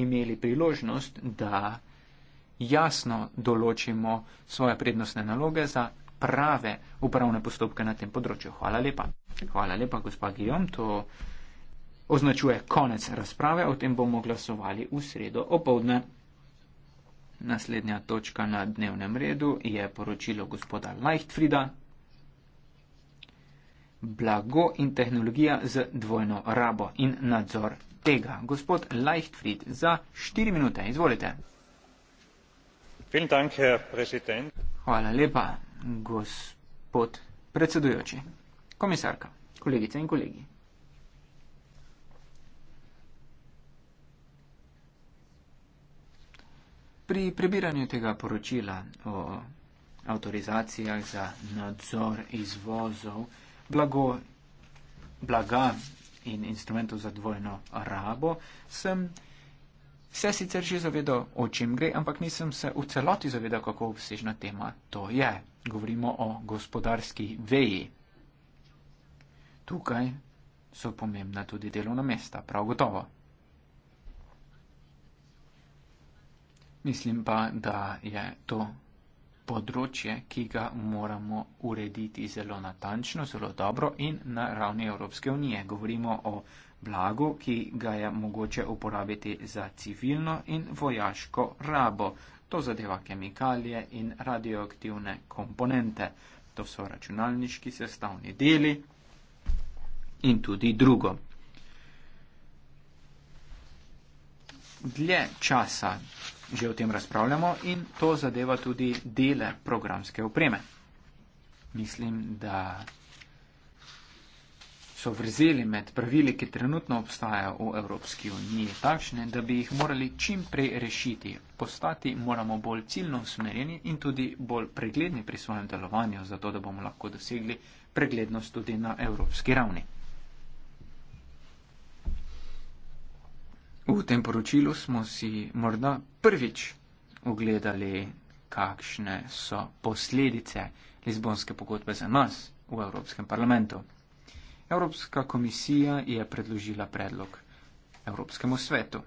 imeli priložnost, da jasno določimo svoje prednostne naloge za prave upravne postopke na tem področju. Hvala lepa. Hvala lepa, gospa Gijom. To označuje konec razprave. O tem bomo glasovali v sredo opovdne. Naslednja točka na dnevnem redu je poročilo gospoda Leichtfrida. Blago in tehnologija z dvojno rabo in nadzor tega. Gospod Leichtfried, za štiri minute, izvolite. Dank, Herr Hvala lepa, gospod predsedujoči. Komisarka, kolegice in kolegi. Pri prebiranju tega poročila o avtorizacijah za nadzor izvozov blago, blaga in instrumentov za dvojno rabo, sem se sicer že zavedal, o čem gre, ampak nisem se v celoti zavedal, kako obsežna tema to je. Govorimo o gospodarski veji. Tukaj so pomembna tudi delovna mesta, prav gotovo. Mislim pa, da je to področje, ki ga moramo urediti zelo natančno, zelo dobro in na ravni Evropske unije. Govorimo o blagu, ki ga je mogoče uporabiti za civilno in vojaško rabo. To zadeva kemikalije in radioaktivne komponente. To so računalniški sestavni deli in tudi drugo. Dlje časa že o tem razpravljamo in to zadeva tudi dele programske opreme. Mislim, da so vrzeli med pravili, ki trenutno obstajajo v Evropski uniji, takšne, da bi jih morali čim prej rešiti. Postati moramo bolj ciljno usmerjeni in tudi bolj pregledni pri svojem delovanju, zato da bomo lahko dosegli preglednost tudi na evropski ravni. V tem poročilu smo si morda prvič ogledali, kakšne so posledice Lizbonske pogodbe za nas v Evropskem parlamentu. Evropska komisija je predložila predlog Evropskemu svetu.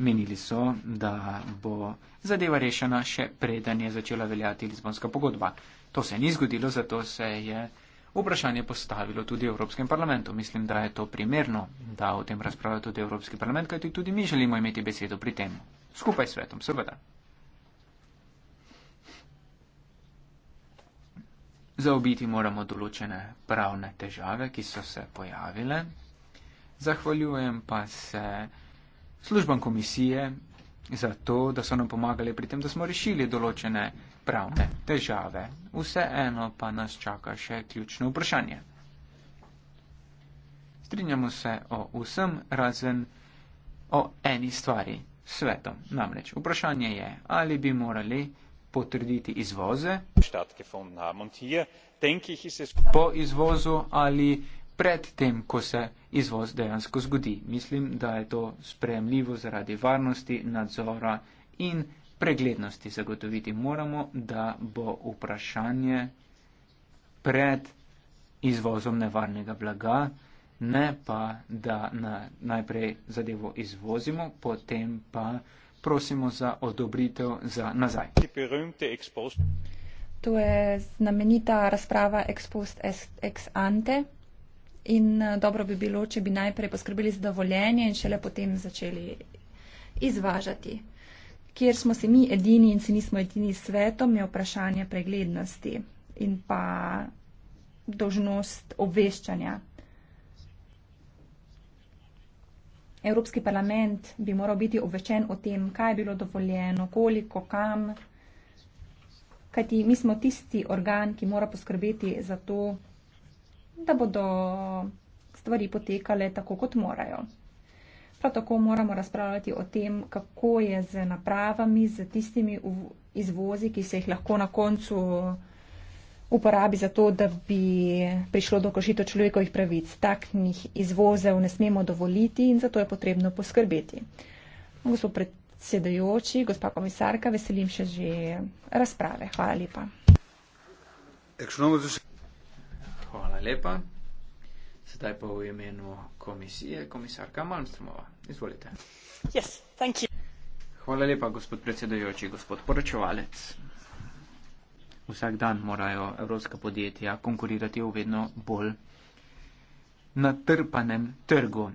Menili so, da bo zadeva rešena še preden je začela veljati Lizbonska pogodba. To se ni zgodilo, zato se je vprašanje postavilo tudi Evropskem parlamentu. Mislim, da je to primerno, da o tem razpravlja tudi Evropski parlament, kajti tudi mi želimo imeti besedo pri tem. Skupaj s svetom, seveda. Zaobiti moramo določene pravne težave, ki so se pojavile. Zahvaljujem pa se službam komisije za to, da so nam pomagali pri tem, da smo rešili določene težave pravne težave. Vseeno pa nas čaka še ključno vprašanje. Strinjamo se o vsem, razen o eni stvari, svetom. Namreč vprašanje je, ali bi morali potrditi izvoze po izvozu ali pred tem, ko se izvoz dejansko zgodi. Mislim, da je to spremljivo zaradi varnosti, nadzora in preglednosti zagotoviti. Moramo, da bo vprašanje pred izvozom nevarnega blaga, ne pa, da na, najprej zadevo izvozimo, potem pa prosimo za odobritev za nazaj. To je znamenita razprava ex post ex ante in eh, dobro bi bilo, če bi najprej poskrbeli za dovoljenje in šele potem začeli izvažati kjer smo se mi edini in se nismo edini s svetom, je vprašanje preglednosti in pa dožnost obveščanja. Evropski parlament bi moral biti obveščen o tem, kaj je bilo dovoljeno, koliko, kam, kajti mi smo tisti organ, ki mora poskrbeti za to, da bodo stvari potekale tako, kot morajo. Prav tako moramo razpravljati o tem, kako je z napravami, z tistimi izvozi, ki se jih lahko na koncu uporabi za to, da bi prišlo do košito človekovih pravic. Taknih izvozev ne smemo dovoliti in zato je potrebno poskrbeti. Gospod predsedajoči, gospa komisarka, veselim še že razprave. Hvala lepa. Hvala lepa. Sedaj pa v imenu komisije komisarka Malmstromova. Izvolite. Yes, Hvala lepa, gospod predsedujoči, gospod poročevalec. Vsak dan morajo evropska podjetja konkurirati v vedno bolj natrpanem trgu.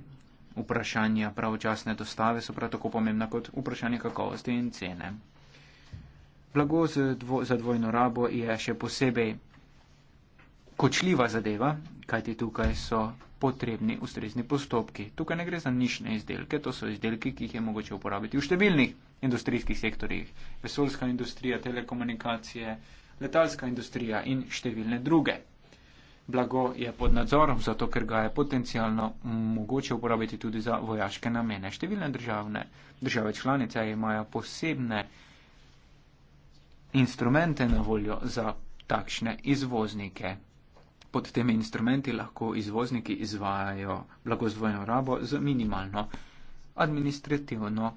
Vprašanja pravočasne dostave so prav tako pomembna kot vprašanje kakovosti in cene. Blago za dvojno rabo je še posebej kočljiva zadeva, kajti tukaj so potrebni ustrezni postopki. Tukaj ne gre za nišne izdelke, to so izdelki, ki jih je mogoče uporabiti v številnih industrijskih sektorjih. Vesoljska industrija, telekomunikacije, letalska industrija in številne druge. Blago je pod nadzorom, zato ker ga je potencijalno mogoče uporabiti tudi za vojaške namene. Številne državne, države članice imajo posebne instrumente na voljo za takšne izvoznike. Pod temi instrumenti lahko izvozniki izvajajo blagozvojno rabo z minimalno administrativno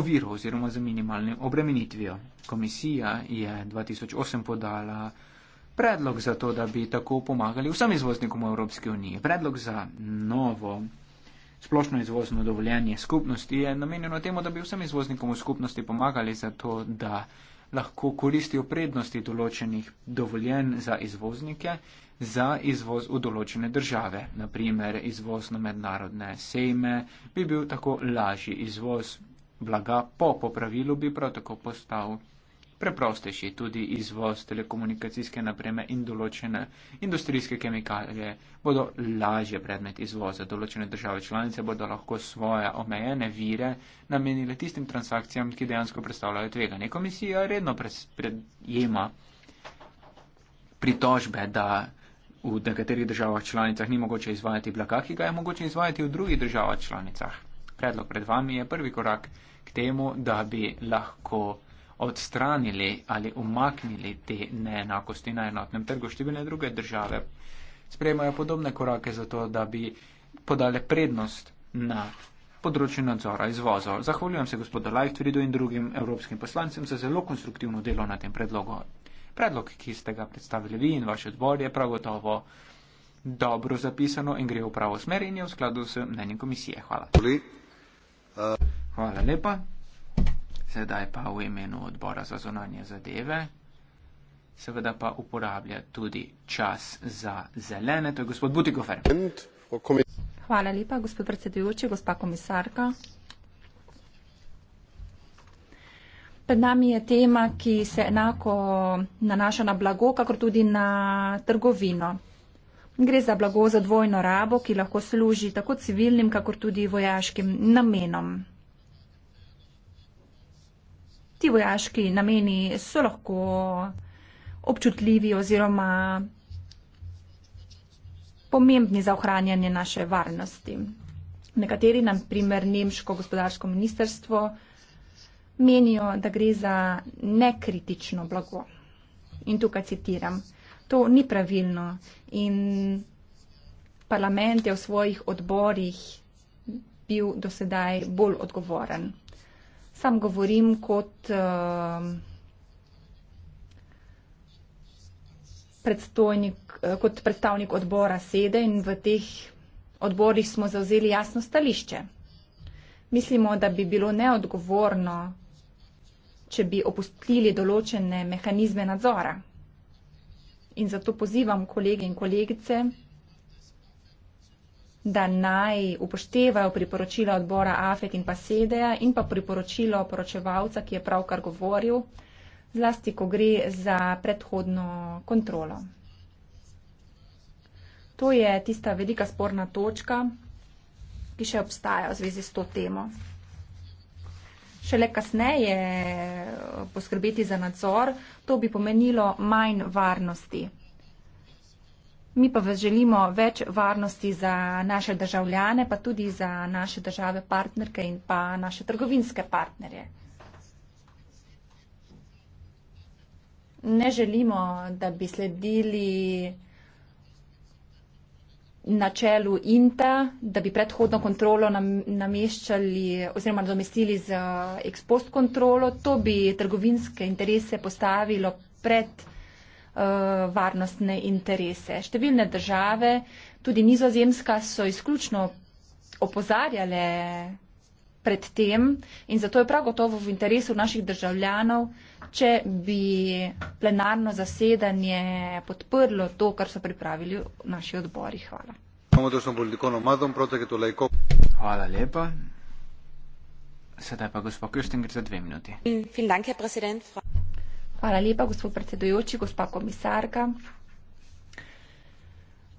oviro oziroma z minimalnim obremenitvijo. Komisija je 2008 podala predlog za to, da bi tako pomagali vsem izvoznikom v Evropski uniji. Predlog za novo splošno izvozno dovoljenje skupnosti je namenjeno temu, da bi vsem izvoznikom v skupnosti pomagali za to, da lahko koristijo prednosti določenih dovoljen za izvoznike za izvoz v določene države. Naprimer, izvoz na mednarodne sejme bi bil tako lažji. Izvoz blaga po popravilu bi prav tako postal preprostejši tudi izvoz telekomunikacijske napreme in določene industrijske kemikalije, bodo lažje predmet izvoza. Določene države članice bodo lahko svoje omejene vire namenile tistim transakcijam, ki dejansko predstavljajo tveganje. Komisija redno predjema pritožbe, da v nekaterih državah članicah ni mogoče izvajati blaga, ki ga je mogoče izvajati v drugih državah članicah. Predlog pred vami je prvi korak k temu, da bi lahko odstranili ali umaknili te neenakosti na enotnem trgu. Številne druge države sprejemajo podobne korake za to, da bi podale prednost na področju nadzora izvozov. Zahvaljujem se gospodu Lajftridu in drugim evropskim poslancem za zelo konstruktivno delo na tem predlogu. Predlog, ki ste ga predstavili vi in vaš odbor, je prav gotovo dobro zapisano in gre v pravo smer in je v skladu s mnenjem komisije. Hvala. Hvala lepa sedaj pa v imenu odbora za zonanje zadeve. Seveda pa uporablja tudi čas za zelene, to je gospod Butikofer. Hvala lepa, gospod predsedujoči, gospa komisarka. Pred nami je tema, ki se enako nanaša na blago, kakor tudi na trgovino. Gre za blago za dvojno rabo, ki lahko služi tako civilnim, kakor tudi vojaškim namenom ti vojaški nameni so lahko občutljivi oziroma pomembni za ohranjanje naše varnosti. Nekateri, na primer Nemško gospodarsko ministerstvo, menijo, da gre za nekritično blago. In tukaj citiram. To ni pravilno in parlament je v svojih odborih bil do sedaj bolj odgovoren. Sam govorim kot eh, predstojnik, eh, kot predstavnik odbora sede in v teh odborih smo zauzeli jasno stališče. Mislimo, da bi bilo neodgovorno, če bi opustili določene mehanizme nadzora. In zato pozivam kolege in kolegice, da naj upoštevajo priporočila odbora AFET in PASEDEA in pa priporočilo poročevalca, ki je pravkar govoril, zlasti, ko gre za predhodno kontrolo. To je tista velika sporna točka, ki še obstaja v zvezi s to temo. Šele kasneje poskrbeti za nadzor, to bi pomenilo manj varnosti. Mi pa vas želimo več varnosti za naše državljane, pa tudi za naše države partnerke in pa naše trgovinske partnerje. Ne želimo, da bi sledili načelu INTA, da bi predhodno kontrolo nameščali oziroma nadomestili z eh, ex post kontrolo. To bi trgovinske interese postavilo pred Eh, varnostne interese. Številne države, tudi nizozemska, so izključno opozarjale pred tem in zato je prav gotovo v interesu naših državljanov, če bi plenarno zasedanje podprlo to, kar so pripravili naši odbori. Hvala. Hvala lepa. Sedaj pa gospod Krštenger za dve minuti. Hvala lepa, gospod predsedujoči, gospa komisarka.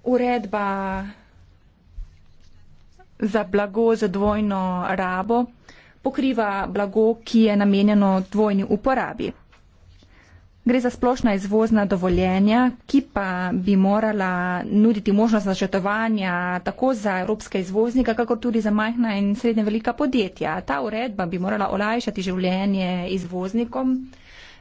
Uredba za blago za dvojno rabo pokriva blago, ki je namenjeno dvojni uporabi. Gre za splošna izvozna dovoljenja, ki pa bi morala nuditi možnost načrtovanja tako za evropske izvoznika, kako tudi za majhna in srednje velika podjetja. Ta uredba bi morala olajšati življenje izvoznikom.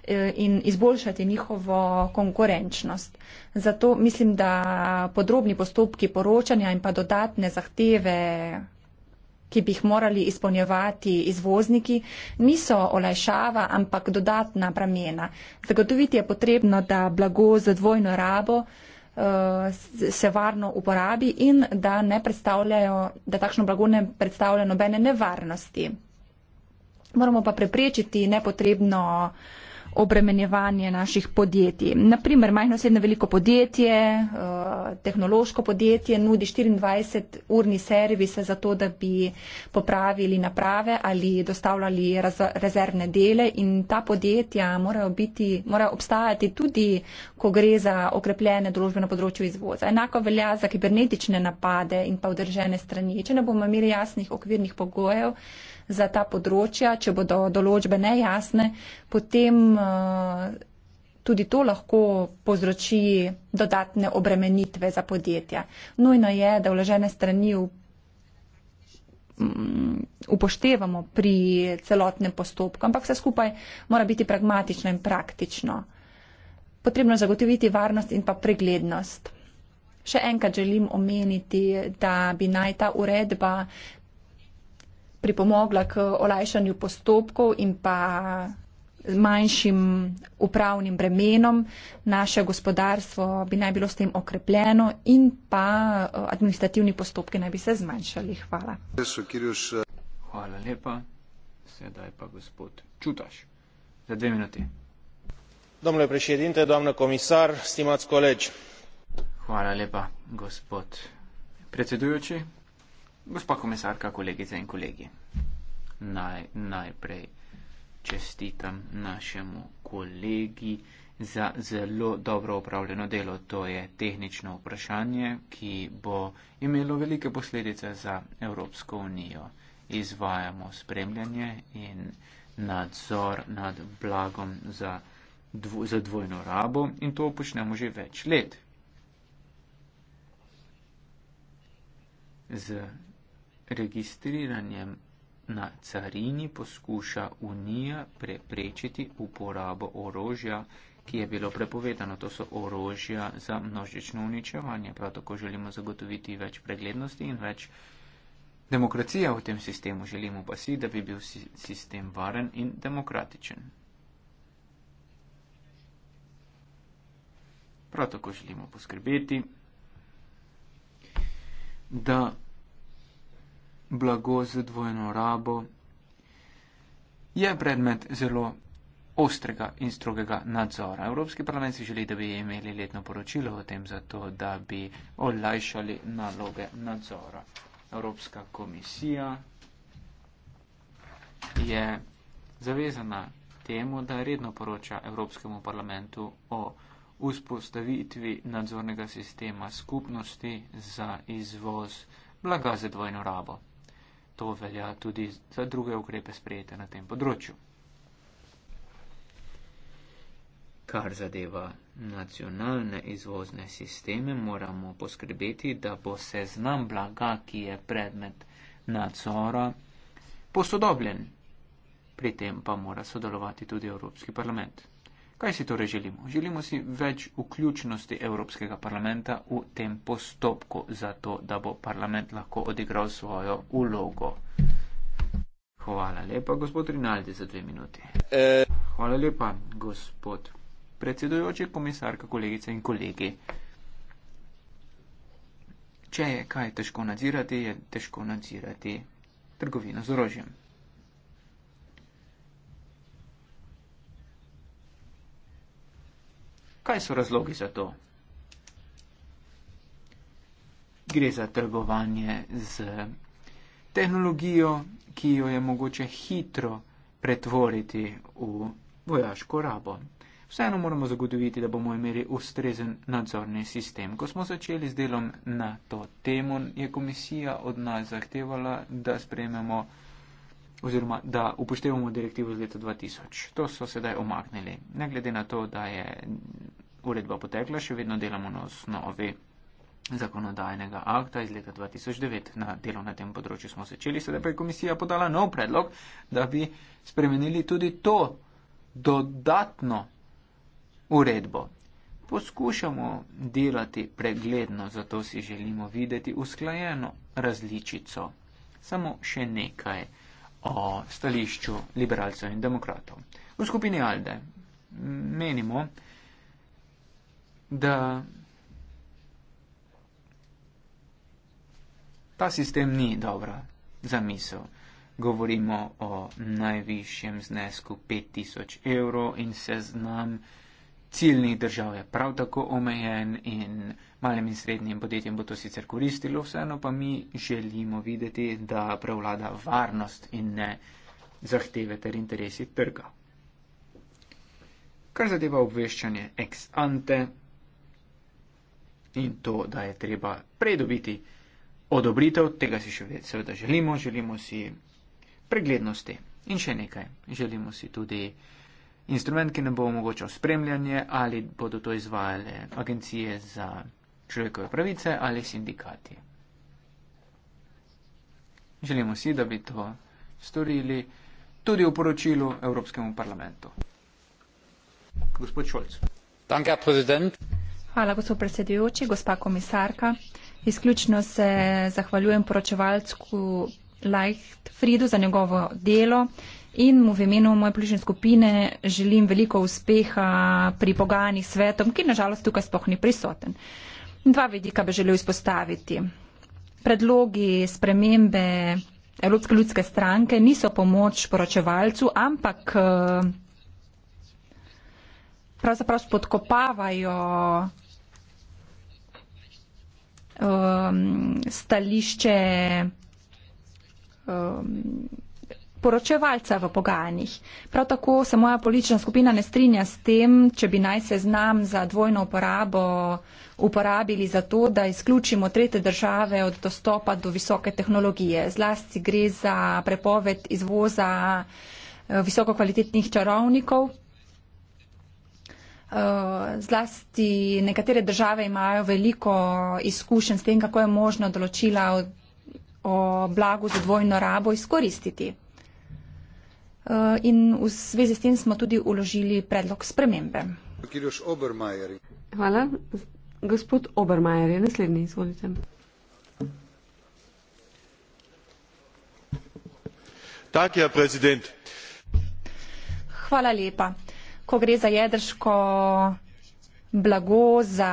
Eh, in izboljšati njihovo konkurenčnost. Zato mislim, da podrobni postopki poročanja in pa dodatne zahteve, ki bi jih morali izpolnjevati izvozniki, niso olajšava, ampak dodatna bremena. Zagotoviti je potrebno, da blago za dvojno rabo eh, se varno uporabi in da, da takšno blago ne predstavlja nobene nevarnosti. Moramo pa preprečiti nepotrebno uh, obremenjevanje naših podjetij. Naprimer, majhno srednje veliko podjetje, eh, tehnološko podjetje nudi 24-urni servis za to, da bi popravili naprave ali dostavljali rezervne dele in ta podjetja morajo, biti, morajo obstajati tudi, ko gre za okrepljene družbe na področju izvoza. Enako velja za kibernetične napade in pa vdržene strani. Če ne bomo imeli jasnih okvirnih pogojev, za ta področja, če bodo določbe nejasne, potem eh, tudi to lahko povzroči dodatne obremenitve za podjetja. Nujno je, da vložene strani mm, upoštevamo pri celotnem postopku, ampak vse skupaj mora biti pragmatično in praktično. Potrebno zagotoviti varnost in pa preglednost. Še enkrat želim omeniti, da bi naj ta uredba pripomogla k olajšanju postopkov in pa manjšim upravnim bremenom. Naše gospodarstvo bi naj bilo s tem okrepljeno in pa eh, administrativni postopki naj bi se zmanjšali. Hvala. Hvala lepa. Sedaj pa gospod Čutaš. Za dve minuti. Domnule prešedinte, domna komisar, stimac koleč. Hvala lepa, gospod predsedujoči. Gospa komisarka, kolegice in kolegi, naj, najprej čestitam našemu kolegi za zelo dobro upravljeno delo. To je tehnično vprašanje, ki bo imelo velike posledice za Evropsko unijo. Izvajamo spremljanje in nadzor nad blagom za, dvo, za dvojno rabo in to počnemo že več let. Z registriranjem na carini poskuša Unija preprečiti uporabo orožja, ki je bilo prepovedano. To so orožja za množično uničevanje. Prav tako želimo zagotoviti več preglednosti in več demokracije v tem sistemu. Želimo pa si, da bi bil sistem varen in demokratičen. Prav tako želimo poskrbeti, da blago z dvojno rabo je predmet zelo ostrega in strogega nadzora. Evropski parlament si želi, da bi imeli letno poročilo o tem, zato da bi olajšali naloge nadzora. Evropska komisija je zavezana temu, da redno poroča Evropskemu parlamentu o vzpostavitvi nadzornega sistema skupnosti za izvoz blaga za dvojno rabo to velja tudi za druge ukrepe sprejete na tem področju. Kar zadeva nacionalne izvozne sisteme, moramo poskrbeti, da bo seznam blaga, ki je predmet nadzora, posodobljen. Pri tem pa mora sodelovati tudi Evropski parlament. Kaj si torej želimo? Želimo si več vključnosti Evropskega parlamenta v tem postopku, zato da bo parlament lahko odigral svojo ulogo. Hvala lepa, gospod Rinaldi, za dve minuti. Hvala lepa, gospod predsedujoči, komisarka, kolegice in kolegi. Če je kaj težko nadzirati, je težko nadzirati trgovino z orožjem. Kaj so razlogi za to? Gre za trgovanje z tehnologijo, ki jo je mogoče hitro pretvoriti v vojaško rabo. Vseeno moramo zagotoviti, da bomo imeli ustrezen nadzorni sistem. Ko smo začeli z delom na to temo, je komisija od nas zahtevala, da sprejmemo oziroma da upoštevamo direktivo z leta 2000. To so sedaj omaknili. Ne glede na to, da je uredba potekla, še vedno delamo na osnovi zakonodajnega akta iz leta 2009. Na delo na tem področju smo začeli, sedaj pa je komisija podala nov predlog, da bi spremenili tudi to dodatno uredbo. Poskušamo delati pregledno, zato si želimo videti usklajeno različico. Samo še nekaj o stališču liberalcev in demokratov. V skupini Alde menimo, da ta sistem ni dobra zamisel. Govorimo o najvišjem znesku 5000 evrov in seznam ciljnih držav je prav tako omejen in Malim in srednjim podjetjem bo to sicer koristilo, vseeno pa mi želimo videti, da prevlada varnost in ne zahteve ter interesi trga. Kar zadeva obveščanje ex ante in to, da je treba predobiti odobritev, tega si še vedno seveda želimo, želimo si preglednosti in še nekaj. Želimo si tudi instrument, ki nam bo omogočal spremljanje ali bodo to izvajale agencije za človekove pravice ali sindikati. Želimo si, da bi to storili tudi v poročilu Evropskemu parlamentu. Gospod Šolc. Danke, prezident. Hvala, gospod predsedujoči, gospa komisarka. Izključno se zahvaljujem poročevalcu Leicht Fridu za njegovo delo in mu v imenu moje bližnje skupine želim veliko uspeha pri pogajanjih svetom, ki nažalost tukaj spohni prisoten. Dva vidika bi želel izpostaviti. Predlogi spremembe Evropske ljudske stranke niso pomoč poročevalcu, ampak eh, pravzaprav spodkopavajo eh, stališče eh, poročevalca v pogajanjih. Prav tako se moja politična skupina ne strinja s tem, če bi naj se znam za dvojno uporabo uporabili za to, da izključimo trete države od dostopa do visoke tehnologije. Zlasti gre za prepoved izvoza eh, visokokvalitetnih čarovnikov. Eh, zlasti nekatere države imajo veliko izkušenj s tem, kako je možno določila o blagu za dvojno rabo izkoristiti. Eh, in v zvezi s tem smo tudi uložili predlog spremembe. Hvala. Gospod Obermajer je naslednji, izvolite. Tak, ja, Hvala lepa. Ko gre za jedrško blago, za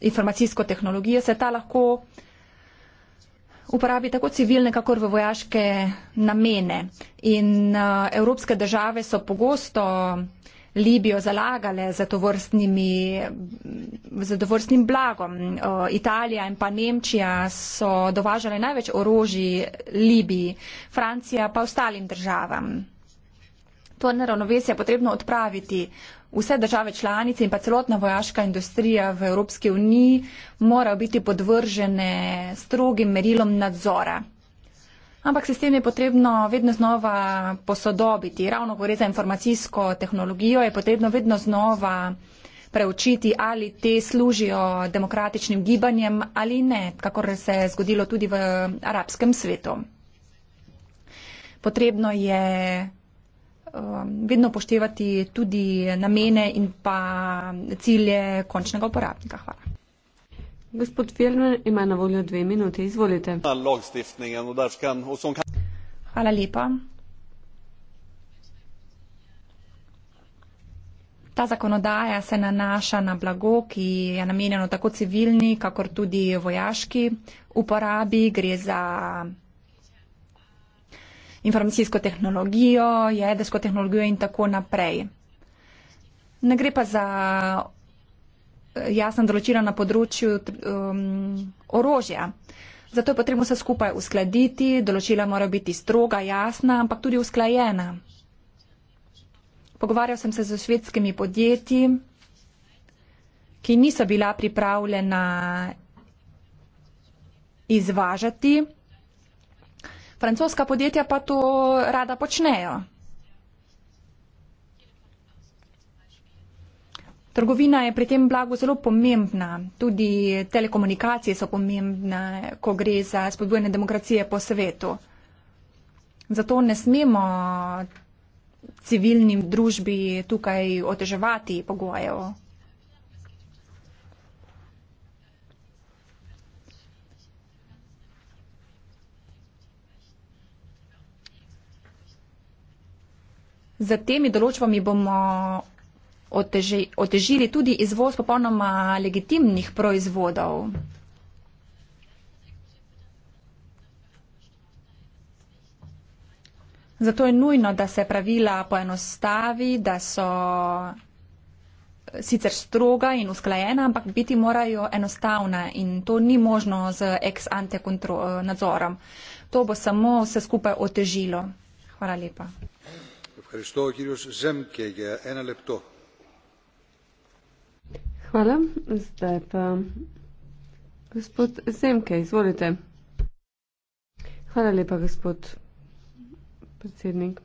informacijsko tehnologijo, se ta lahko uh, uporabi tako civilne, kakor v vojaške namene. In uh, evropske države so pogosto Libijo zalagale za tovrstnimi, za tovrstnim blagom. Uh, Italija in pa Nemčija so dovažale največ orožji Libiji, Francija pa ostalim državam to neravnovesje potrebno odpraviti. Vse države članice in pa celotna vojaška industrija v Evropski uniji morajo biti podvržene strogim merilom nadzora. Ampak sistem je potrebno vedno znova posodobiti. Ravno gre za informacijsko tehnologijo, je potrebno vedno znova preučiti, ali te služijo demokratičnim gibanjem ali ne, kakor se je zgodilo tudi v arabskem svetu. Potrebno je Um, vedno poštevati tudi namene in pa cilje končnega uporabnika. Hvala. Gospod Firmer ima na voljo dve minute, izvolite. No, Hvala lepa. Ta zakonodaja se nanaša na blago, ki je namenjeno tako civilni, kakor tudi vojaški uporabi. Gre za informacijsko tehnologijo, jedrsko tehnologijo in tako naprej. Ne gre pa za eh, jasno določila na področju um, orožja. Zato je potrebno vse skupaj uskladiti, določila mora biti stroga, jasna, ampak tudi usklajena. Pogovarjal sem se z švedskimi podjetji, ki niso bila pripravljena izvažati francoska podjetja pa to rada počnejo. Trgovina je pri tem blagu zelo pomembna, tudi telekomunikacije so pomembne, ko gre za spodbujanje demokracije po svetu. Zato ne smemo civilnim družbi tukaj oteževati pogojev. Z temi določbami bomo oteži, otežili tudi izvoz popolnoma legitimnih proizvodov. Zato je nujno, da se pravila poenostavi, da so sicer stroga in usklajena, ampak biti morajo enostavna in to ni možno z ex ante eh, nadzorom. To bo samo vse skupaj otežilo. Hvala lepa. Hvala. Zdaj pa gospod Zemke, izvolite. Hvala lepa, gospod predsednik.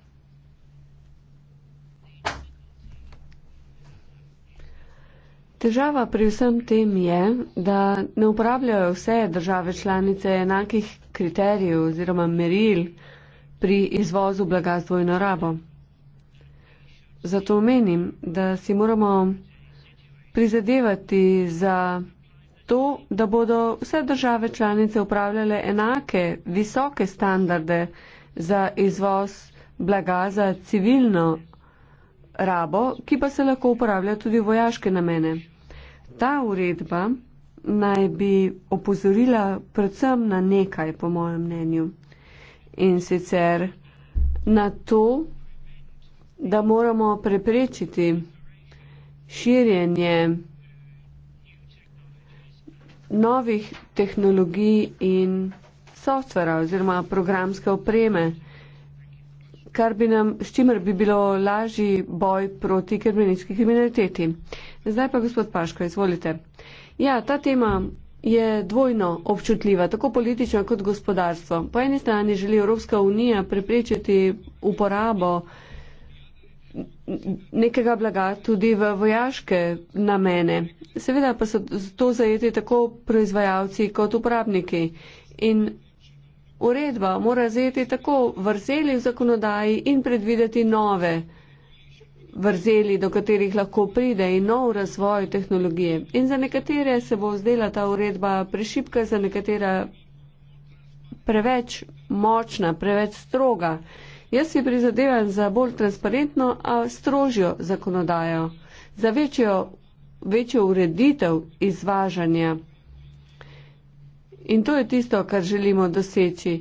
Država pri vsem tem je, da ne uporabljajo vse države članice enakih kriterijev oziroma meril pri izvozu blaga z dvojno rabo. Zato menim, da si moramo prizadevati za to, da bodo vse države članice upravljale enake, visoke standarde za izvoz blaga za civilno rabo, ki pa se lahko uporablja tudi v vojaške namene. Ta uredba naj bi opozorila predvsem na nekaj, po mojem mnenju. In sicer na to, da moramo preprečiti širjenje novih tehnologij in softvera oziroma programske opreme, kar bi nam, s čimer bi bilo lažji boj proti kibernetski kriminaliteti. Zdaj pa gospod Paško, izvolite. Ja, ta tema je dvojno občutljiva, tako politično kot gospodarstvo. Po eni strani želi Evropska unija preprečiti uporabo uh, nekega blaga tudi v vojaške namene. Seveda pa so to zajeti tako proizvajalci kot uporabniki. In uredba mora zajeti tako vrzeli v zakonodaji in predvideti nove vrzeli, do katerih lahko pride in nov razvoj tehnologije. In za nekatere se bo zdela ta uredba prešipka, za nekatera preveč močna, preveč stroga. Jaz si prizadevam za bolj transparentno, a strožjo zakonodajo, za večjo, večjo ureditev izvažanja. In to je tisto, kar želimo doseči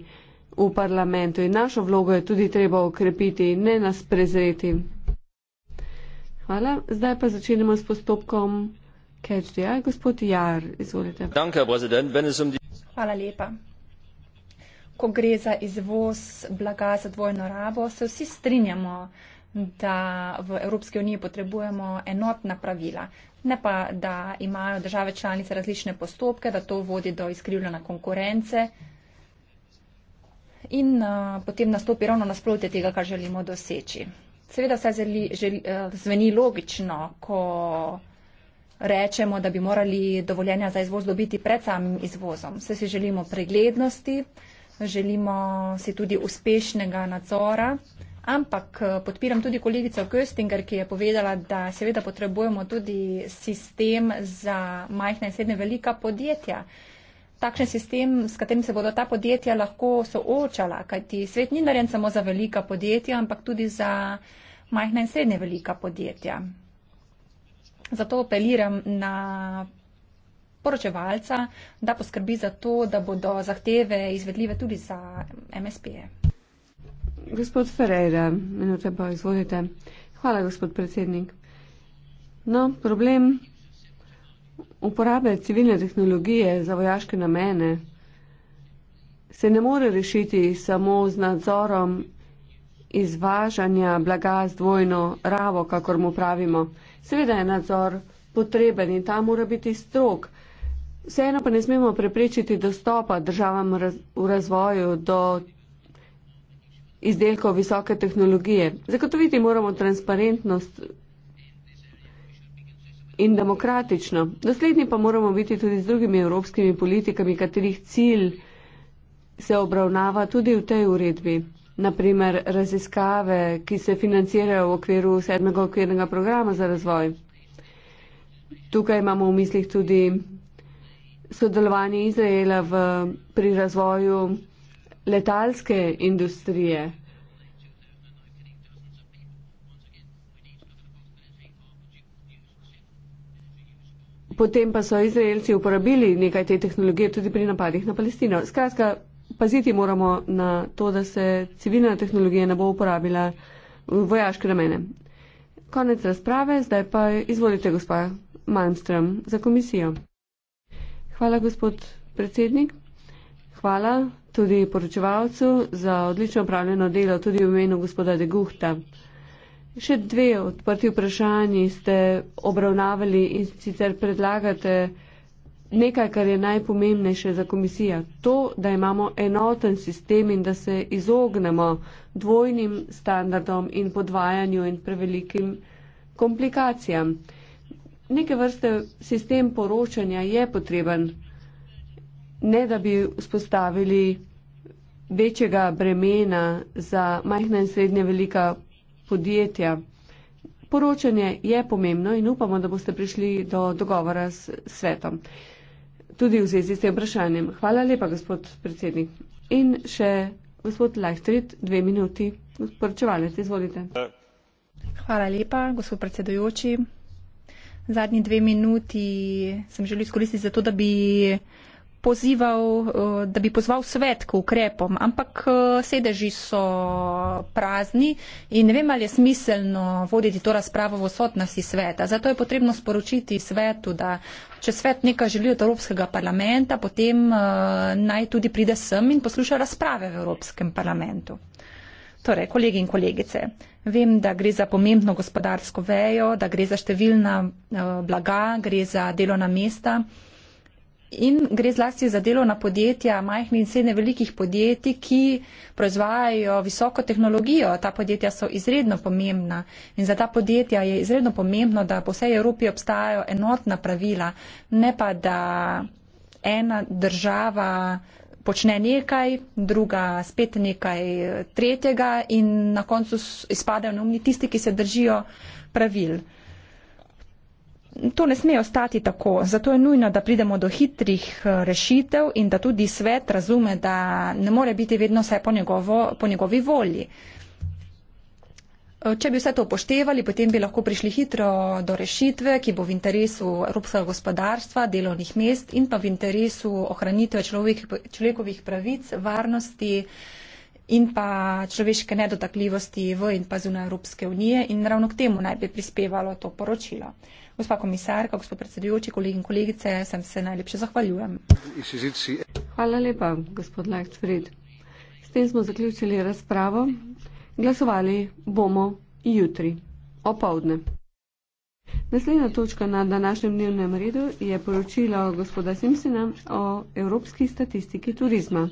v parlamentu in našo vlogo je tudi treba okrepiti in ne nas prezreti. Hvala. Zdaj pa začenjamo s postopkom Catch the Eye. Gospod Jar, izvolite. Um Hvala lepa ko gre za izvoz blaga za dvojno rabo, se vsi strinjamo, da v Evropski uniji potrebujemo enotna pravila. Ne pa, da imajo države članice različne postopke, da to vodi do izkrivljena konkurence in uh, potem nastopi ravno nasprotje tega, kar želimo doseči. Seveda vse zeli, želi, uh, zveni logično, ko rečemo, da bi morali dovoljenja za izvoz dobiti pred samim izvozom. Vse si želimo preglednosti, uh, želimo si tudi uspešnega nadzora. Ampak eh, podpiram tudi kolegico Köstinger, ki je povedala, da seveda potrebujemo tudi sistem za majhna in srednja velika podjetja. Takšen sistem, s katerim se bodo ta podjetja lahko soočala, kajti svet ni narejen samo za velika podjetja, ampak tudi za majhna in srednja velika podjetja. Zato apeliram na poročevalca, da poskrbi za to, da bodo zahteve izvedljive tudi za MSP-je. Gospod Ferreira, minute pa izvolite. Hvala, gospod predsednik. No, problem uporabe civilne tehnologije za vojaške namene se ne more rešiti samo z nadzorom izvažanja blaga z dvojno ravo, kakor mu pravimo. Seveda je nadzor potreben in ta mora biti strok, Vseeno pa ne smemo preprečiti dostopa državam raz v razvoju do izdelkov visoke tehnologije. Zagotoviti moramo transparentnost in demokratično. Naslednji pa moramo biti tudi z drugimi evropskimi politikami, katerih cilj se obravnava tudi v tej uredbi. Naprimer raziskave, ki se financirajo v okviru sedmega okvirnega programa za razvoj. Tukaj imamo v mislih tudi sodelovanje Izraela v, pri razvoju letalske industrije. Potem pa so Izraelci uporabili nekaj te tehnologije tudi pri napadih na Palestino. Skratka, paziti moramo na to, da se civilna tehnologija ne bo uporabila v vojaške namene. Konec razprave, zdaj pa izvolite, gospa Malmström, za komisijo. Hvala, gospod predsednik. Hvala tudi poročevalcu za odlično upravljeno delo, tudi v imenu gospoda Degufta. Še dve odprti vprašanji ste obravnavali in sicer predlagate nekaj, kar je najpomembnejše za komisijo. To, da imamo enoten sistem in da se izognemo dvojnim standardom in podvajanju in prevelikim komplikacijam neke vrste sistem poročanja je potreben, ne da bi vzpostavili večjega bremena za majhna in srednje velika podjetja. Poročanje je pomembno in upamo, da boste prišli do dogovora s svetom. Tudi v zvezi s tem vprašanjem. Hvala lepa, gospod predsednik. In še gospod Lajstrit, dve minuti. Poročevalec, izvolite. Hvala lepa, gospod predsedujoči zadnji dve minuti sem želel izkoristiti za to, da bi pozival, eh, da bi pozval svet k ukrepom, ampak eh, sedeži so prazni in ne vem, ali je smiselno voditi to razpravo v osotnosti sveta. Zato je potrebno sporočiti svetu, da če svet nekaj želi od Evropskega parlamenta, potem eh, naj tudi pride sem in posluša razprave v Evropskem parlamentu. Torej, kolegi in kolegice, vem, da gre za pomembno gospodarsko vejo, da gre za številna eh, blaga, gre za delovna mesta in gre zlasti za delovna podjetja, majhnih in srednje velikih podjetij, ki proizvajajo visoko tehnologijo. Ta podjetja so izredno pomembna in za ta podjetja je izredno pomembno, da po vsej Evropi obstajajo enotna pravila, ne pa da ena država počne nekaj, druga spet nekaj tretjega in na koncu izpadajo neumni tisti, ki se držijo pravil. To ne sme ostati tako, zato je nujno, da pridemo do hitrih eh, rešitev in da tudi svet razume, da ne more biti vedno vse po, njegovo, po njegovi volji. Eh, če bi vse to upoštevali, potem bi lahko prišli hitro do rešitve, ki bo v interesu evropskega gospodarstva, delovnih mest in pa v interesu ohranitve človekovih pravic, varnosti in pa človeške nedotakljivosti v in pa zunaj Evropske unije in ravno k temu naj bi prispevalo to poročilo. Gospa komisarka, gospod predsedujoči, kolegi in kolegice, sem se najlepše zahvaljujem. Hvala lepa, gospod Lajkfrid. S tem smo zaključili razpravo. Glasovali bomo jutri, opoldne. Naslednja točka na današnjem dnevnem redu je poročilo gospoda Simpsona o evropski statistiki turizma.